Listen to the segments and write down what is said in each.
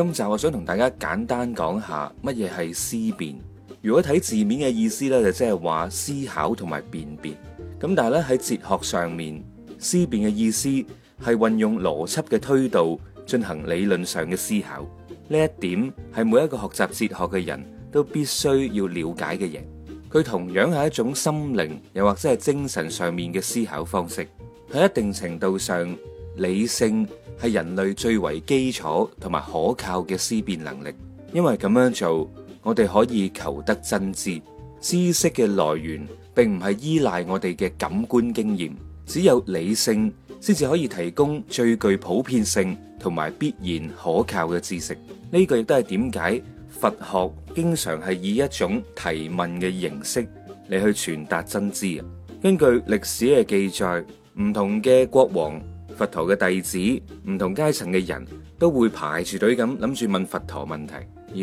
今集我想同大家簡單講下乜嘢係思辨。如果睇字面嘅意思咧，就即係話思考同埋辨別。咁但係咧，喺哲學上面，思辨嘅意思係運用邏輯嘅推導，進行理論上嘅思考。呢一點係每一個學習哲學嘅人都必須要了解嘅嘢。佢同樣係一種心靈，又或者係精神上面嘅思考方式。喺一定程度上。理性係人類最為基礎同埋可靠嘅思辨能力，因為咁樣做，我哋可以求得真知。知識嘅來源並唔係依賴我哋嘅感官經驗，只有理性先至可以提供最具普遍性同埋必然可靠嘅知識。呢個亦都係點解佛學經常係以一種提問嘅形式嚟去傳達真知啊。根據歷史嘅記載，唔同嘅國王。佛陀嘅弟子，唔同階層嘅人都會排住隊咁諗住問佛陀問題，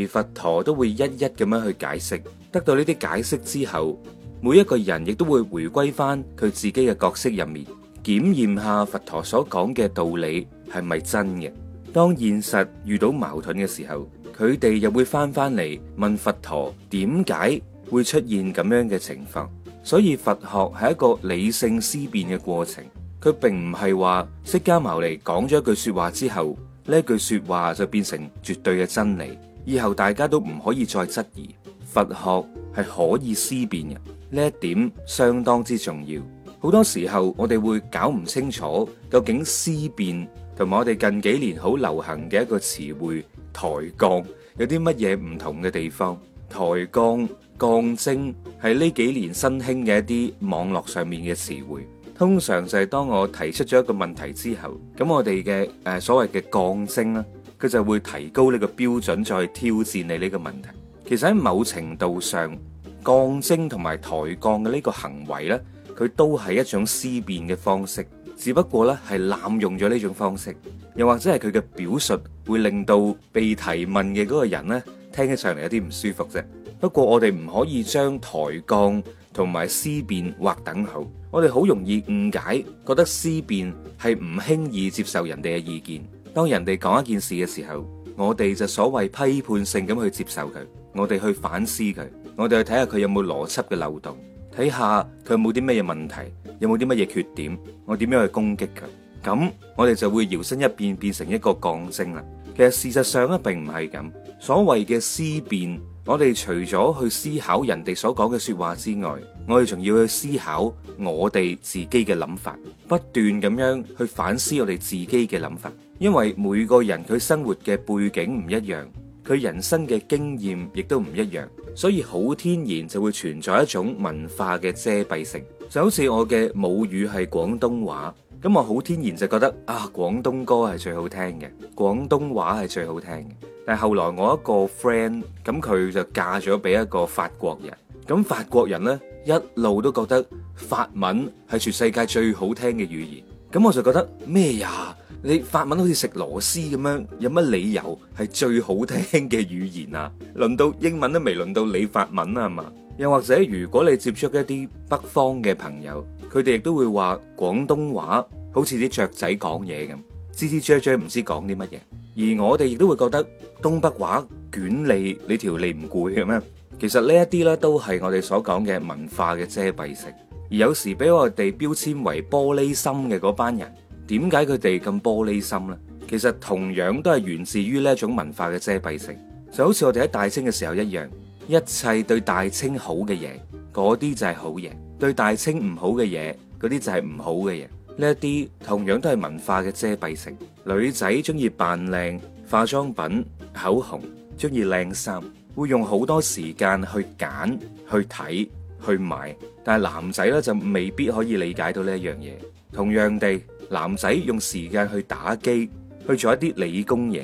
而佛陀都會一一咁樣去解釋。得到呢啲解釋之後，每一個人亦都會回歸翻佢自己嘅角色入面，檢驗下佛陀所講嘅道理係咪真嘅。當現實遇到矛盾嘅時候，佢哋又會翻翻嚟問佛陀點解會出現咁樣嘅情況。所以佛學係一個理性思辨嘅過程。佢並唔係話釋迦牟尼講咗一句說話之後，呢句說話就變成絕對嘅真理，以後大家都唔可以再質疑。佛學係可以思辨嘅，呢一點相當之重要。好多時候我哋會搞唔清楚究竟思辨同埋我哋近幾年好流行嘅一個詞彙抬槓有啲乜嘢唔同嘅地方。抬槓、槓精係呢幾年新興嘅一啲網絡上面嘅詞彙。通常就係當我提出咗一個問題之後，咁我哋嘅誒所謂嘅槓精咧，佢就會提高呢個標準，再挑戰你呢個問題。其實喺某程度上，槓精同埋抬槓嘅呢個行為呢，佢都係一種思辨嘅方式，只不過呢係濫用咗呢種方式，又或者係佢嘅表述會令到被提問嘅嗰個人，呢聽起上嚟有啲唔舒服啫。不過我哋唔可以將抬槓同埋思辨劃等號。我哋好容易誤解，覺得思辨係唔輕易接受人哋嘅意見。當人哋講一件事嘅時候，我哋就所謂批判性咁去接受佢，我哋去反思佢，我哋去睇下佢有冇邏輯嘅漏洞，睇下佢有冇啲乜嘢問題，有冇啲乜嘢缺點，我點樣去攻擊佢？咁我哋就會搖身一變變成一個槓精啦。其實事實上咧，並唔係咁。所謂嘅思辨。我哋除咗去思考人哋所講嘅說話之外，我哋仲要去思考我哋自己嘅諗法，不斷咁樣去反思我哋自己嘅諗法。因為每個人佢生活嘅背景唔一樣，佢人生嘅經驗亦都唔一樣，所以好天然就會存在一種文化嘅遮蔽性。就好似我嘅母語係廣東話。咁我好天然就覺得啊，廣東歌係最好聽嘅，廣東話係最好聽嘅。但係後來我一個 friend，咁佢就嫁咗俾一個法國人。咁法國人呢，一路都覺得法文係全世界最好聽嘅語言。咁我就覺得咩呀？你法文好似食螺絲咁樣，有乜理由係最好聽嘅語言啊？輪到英文都未？輪到你法文啊係嘛？又或者如果你接觸一啲北方嘅朋友，佢哋亦都會話廣東話。好似啲雀仔講嘢咁，吱吱喳喳，唔知講啲乜嘢。而我哋亦都會覺得東北話捲脷，你條脷唔攰咁樣？其實呢一啲呢，都係我哋所講嘅文化嘅遮蔽性。而有時俾我哋標籤為玻璃心嘅嗰班人，點解佢哋咁玻璃心呢？其實同樣都係源自於呢一種文化嘅遮蔽性。就好似我哋喺大清嘅時候一樣，一切對大清好嘅嘢，嗰啲就係好嘢；對大清唔好嘅嘢，嗰啲就係唔好嘅嘢。呢一啲同樣都係文化嘅遮蔽性。女仔中意扮靚，化妝品、口紅，中意靚衫，會用好多時間去揀、去睇、去買。但係男仔咧就未必可以理解到呢一樣嘢。同樣地，男仔用時間去打機，去做一啲理工嘢，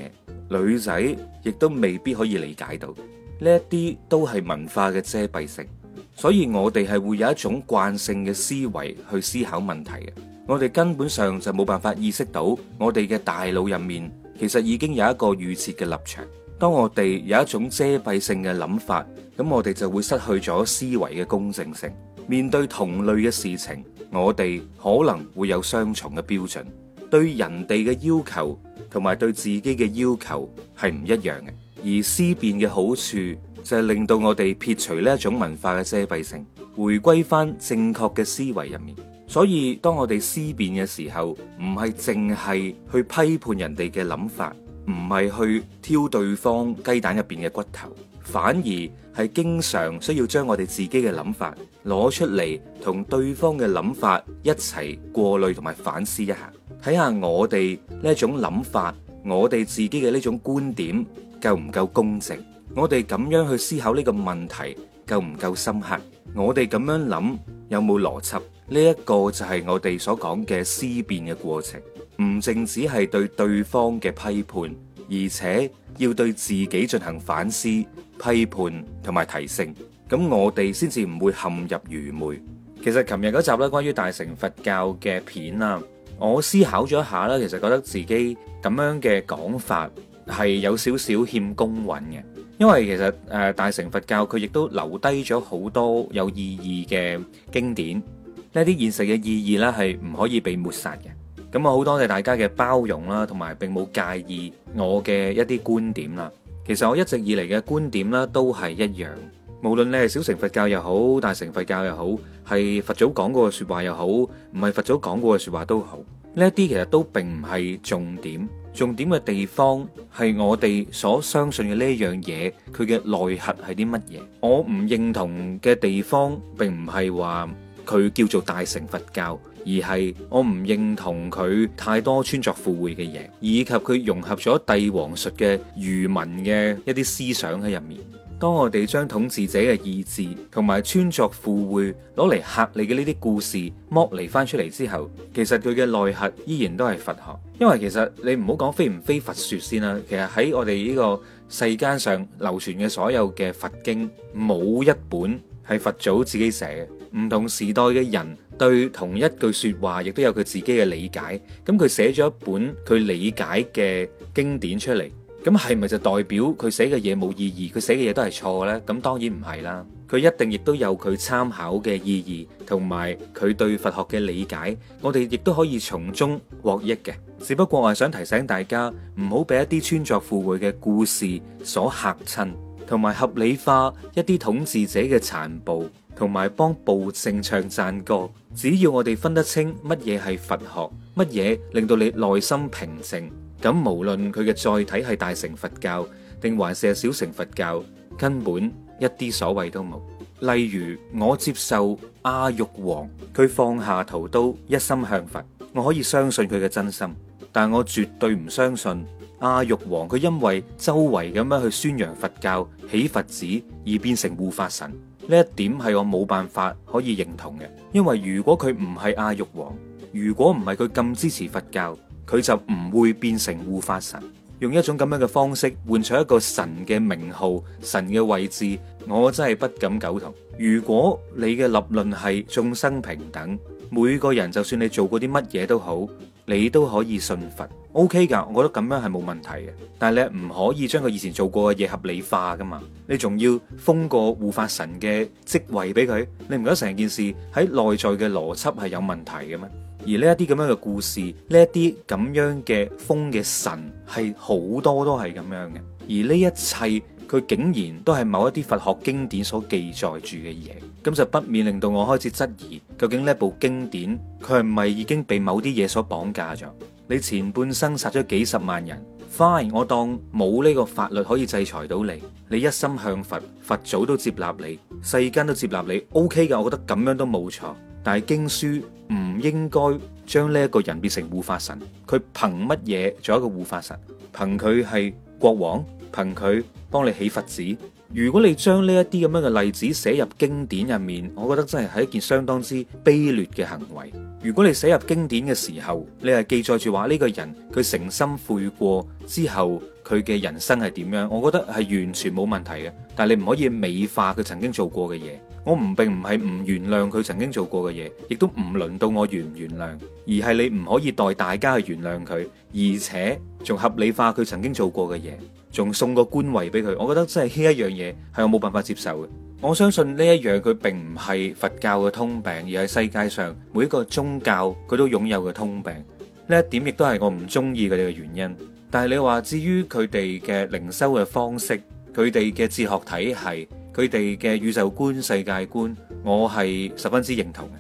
女仔亦都未必可以理解到。呢一啲都係文化嘅遮蔽性。所以我哋係會有一種慣性嘅思維去思考問題嘅。我哋根本上就冇辦法意識到，我哋嘅大腦入面其實已經有一個預設嘅立場。當我哋有一種遮蔽性嘅諗法，咁我哋就會失去咗思維嘅公正性。面對同類嘅事情，我哋可能會有雙重嘅標準，對人哋嘅要求同埋對自己嘅要求係唔一樣嘅。而思辨嘅好處就係令到我哋撇除呢一種文化嘅遮蔽性，回歸翻正確嘅思維入面。所以，當我哋思辨嘅時候，唔係淨係去批判人哋嘅諗法，唔係去挑對方雞蛋入邊嘅骨頭，反而係經常需要將我哋自己嘅諗法攞出嚟，同對方嘅諗法一齊過濾同埋反思一下，睇下我哋呢種諗法，我哋自己嘅呢種觀點夠唔夠公正？我哋咁樣去思考呢個問題夠唔夠深刻？我哋咁樣諗有冇邏輯？呢一個就係我哋所講嘅思辨嘅過程，唔淨止係對對方嘅批判，而且要對自己進行反思、批判同埋提升。咁我哋先至唔會陷入愚昧。其實琴日嗰集咧，關於大乘佛教嘅片啦，我思考咗一下啦。其實覺得自己咁樣嘅講法係有少少欠公允嘅，因為其實誒大乘佛教佢亦都留低咗好多有意義嘅經典。呢一啲現實嘅意義咧，係唔可以被抹殺嘅。咁啊，好多謝大家嘅包容啦，同埋並冇介意我嘅一啲觀點啦。其實我一直以嚟嘅觀點咧，都係一樣。無論你係小乘佛教又好，大乘佛教又好，係佛祖講過嘅説話又好，唔係佛祖講過嘅説話都好，呢一啲其實都並唔係重點。重點嘅地方係我哋所相信嘅呢樣嘢，佢嘅內核係啲乜嘢？我唔認同嘅地方並唔係話。佢叫做大乘佛教，而係我唔認同佢太多穿鑿附會嘅嘢，以及佢融合咗帝王術嘅愚民嘅一啲思想喺入面。當我哋將統治者嘅意志同埋穿鑿附會攞嚟吓你嘅呢啲故事剝離翻出嚟之後，其實佢嘅內核依然都係佛學。因為其實你唔好講非唔非佛說先啦，其實喺我哋呢個世間上流傳嘅所有嘅佛經，冇一本。係佛祖自己寫嘅，唔同時代嘅人對同一句說話，亦都有佢自己嘅理解。咁佢寫咗一本佢理解嘅經典出嚟，咁係咪就代表佢寫嘅嘢冇意義？佢寫嘅嘢都係錯呢？咁當然唔係啦，佢一定亦都有佢參考嘅意義，同埋佢對佛學嘅理解。我哋亦都可以從中獲益嘅。只不過係想提醒大家，唔好俾一啲穿鑿附會嘅故事所嚇親，同埋合理化一啲統治者嘅殘暴，同埋幫暴政唱讚歌。只要我哋分得清乜嘢係佛學，乜嘢令到你內心平靜，咁無論佢嘅載體係大乘佛教定還是係小乘佛教，根本一啲所謂都冇。例如我接受阿育王，佢放下屠刀，一心向佛，我可以相信佢嘅真心。但我絕對唔相信阿育王佢，因為周圍咁樣去宣揚佛教、起佛寺而變成護法神。呢一點係我冇辦法可以認同嘅，因為如果佢唔係阿育王，如果唔係佢咁支持佛教，佢就唔會變成護法神，用一種咁樣嘅方式換取一個神嘅名號、神嘅位置。我真係不敢苟同。如果你嘅立論係眾生平等，每個人就算你做過啲乜嘢都好。你都可以信佛，OK 噶，我覺得咁樣係冇問題嘅。但係你唔可以將佢以前做過嘅嘢合理化噶嘛？你仲要封個護法神嘅職位俾佢？你唔覺得成件事喺內在嘅邏輯係有問題嘅咩？而呢一啲咁樣嘅故事，呢一啲咁樣嘅封嘅神，係好多都係咁樣嘅。而呢一切。佢竟然都係某一啲佛學經典所記載住嘅嘢，咁就不免令到我開始質疑，究竟呢部經典佢係唔係已經被某啲嘢所綁架咗？你前半生殺咗幾十萬人，fine，我當冇呢個法律可以制裁到你。你一心向佛，佛祖都接納你，世間都接納你，OK 㗎，我覺得咁樣都冇錯。但係經書唔應該將呢一個人變成護法神，佢憑乜嘢做一個護法神？憑佢係國王？憑佢幫你起佛寺，如果你將呢一啲咁樣嘅例子寫入經典入面，我覺得真係係一件相當之卑劣嘅行為。如果你寫入經典嘅時候，你係記載住話呢個人佢誠心悔過之後佢嘅人生係點樣，我覺得係完全冇問題嘅。但係你唔可以美化佢曾經做過嘅嘢。我唔並唔係唔原諒佢曾經做過嘅嘢，亦都唔輪到我原唔原諒，而係你唔可以代大家去原諒佢，而且仲合理化佢曾經做過嘅嘢。仲送個官位俾佢，我覺得真係呢一樣嘢係我冇辦法接受嘅。我相信呢一樣佢並唔係佛教嘅通病，而係世界上每一個宗教佢都擁有嘅通病。呢一點亦都係我唔中意佢哋嘅原因。但係你話至於佢哋嘅靈修嘅方式、佢哋嘅哲學體系、佢哋嘅宇宙觀、世界觀，我係十分之認同嘅。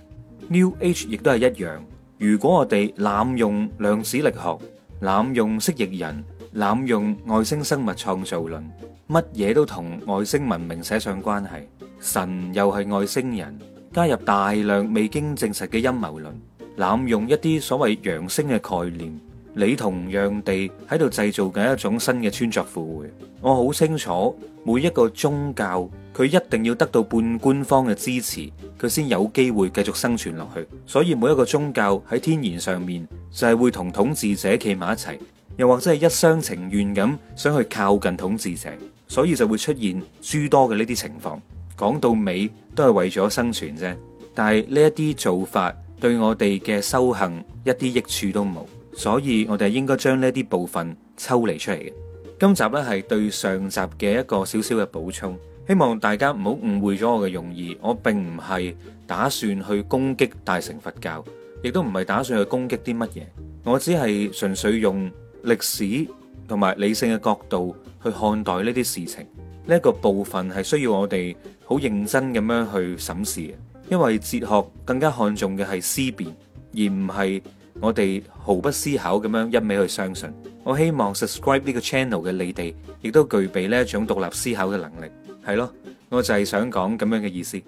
New Age 亦都係一樣。如果我哋濫用量子力學、濫用蜥蜴人，濫用外星生物創造論，乜嘢都同外星文明寫上關係，神又係外星人，加入大量未經證實嘅陰謀論，濫用一啲所謂揚升嘅概念，你同樣地喺度製造緊一種新嘅穿鑿附會。我好清楚，每一個宗教佢一定要得到半官方嘅支持，佢先有機會繼續生存落去。所以每一個宗教喺天然上面就係、是、會同統治者企埋一齊。又或者係一廂情願咁，想去靠近統治者，所以就會出現諸多嘅呢啲情況。講到尾都係為咗生存啫。但係呢一啲做法對我哋嘅修行一啲益處都冇，所以我哋應該將呢啲部分抽離出嚟嘅。今集呢係對上集嘅一個少少嘅補充，希望大家唔好誤會咗我嘅用意。我並唔係打算去攻擊大乘佛教，亦都唔係打算去攻擊啲乜嘢。我只係純粹用。歷史同埋理性嘅角度去看待呢啲事情，呢個部分係需要我哋好認真咁樣去審視嘅，因為哲學更加看重嘅係思辨，而唔係我哋毫不思考咁樣一味去相信。我希望 subscribe 呢個 channel 嘅你哋，亦都具備呢一種獨立思考嘅能力，係咯，我就係想講咁樣嘅意思。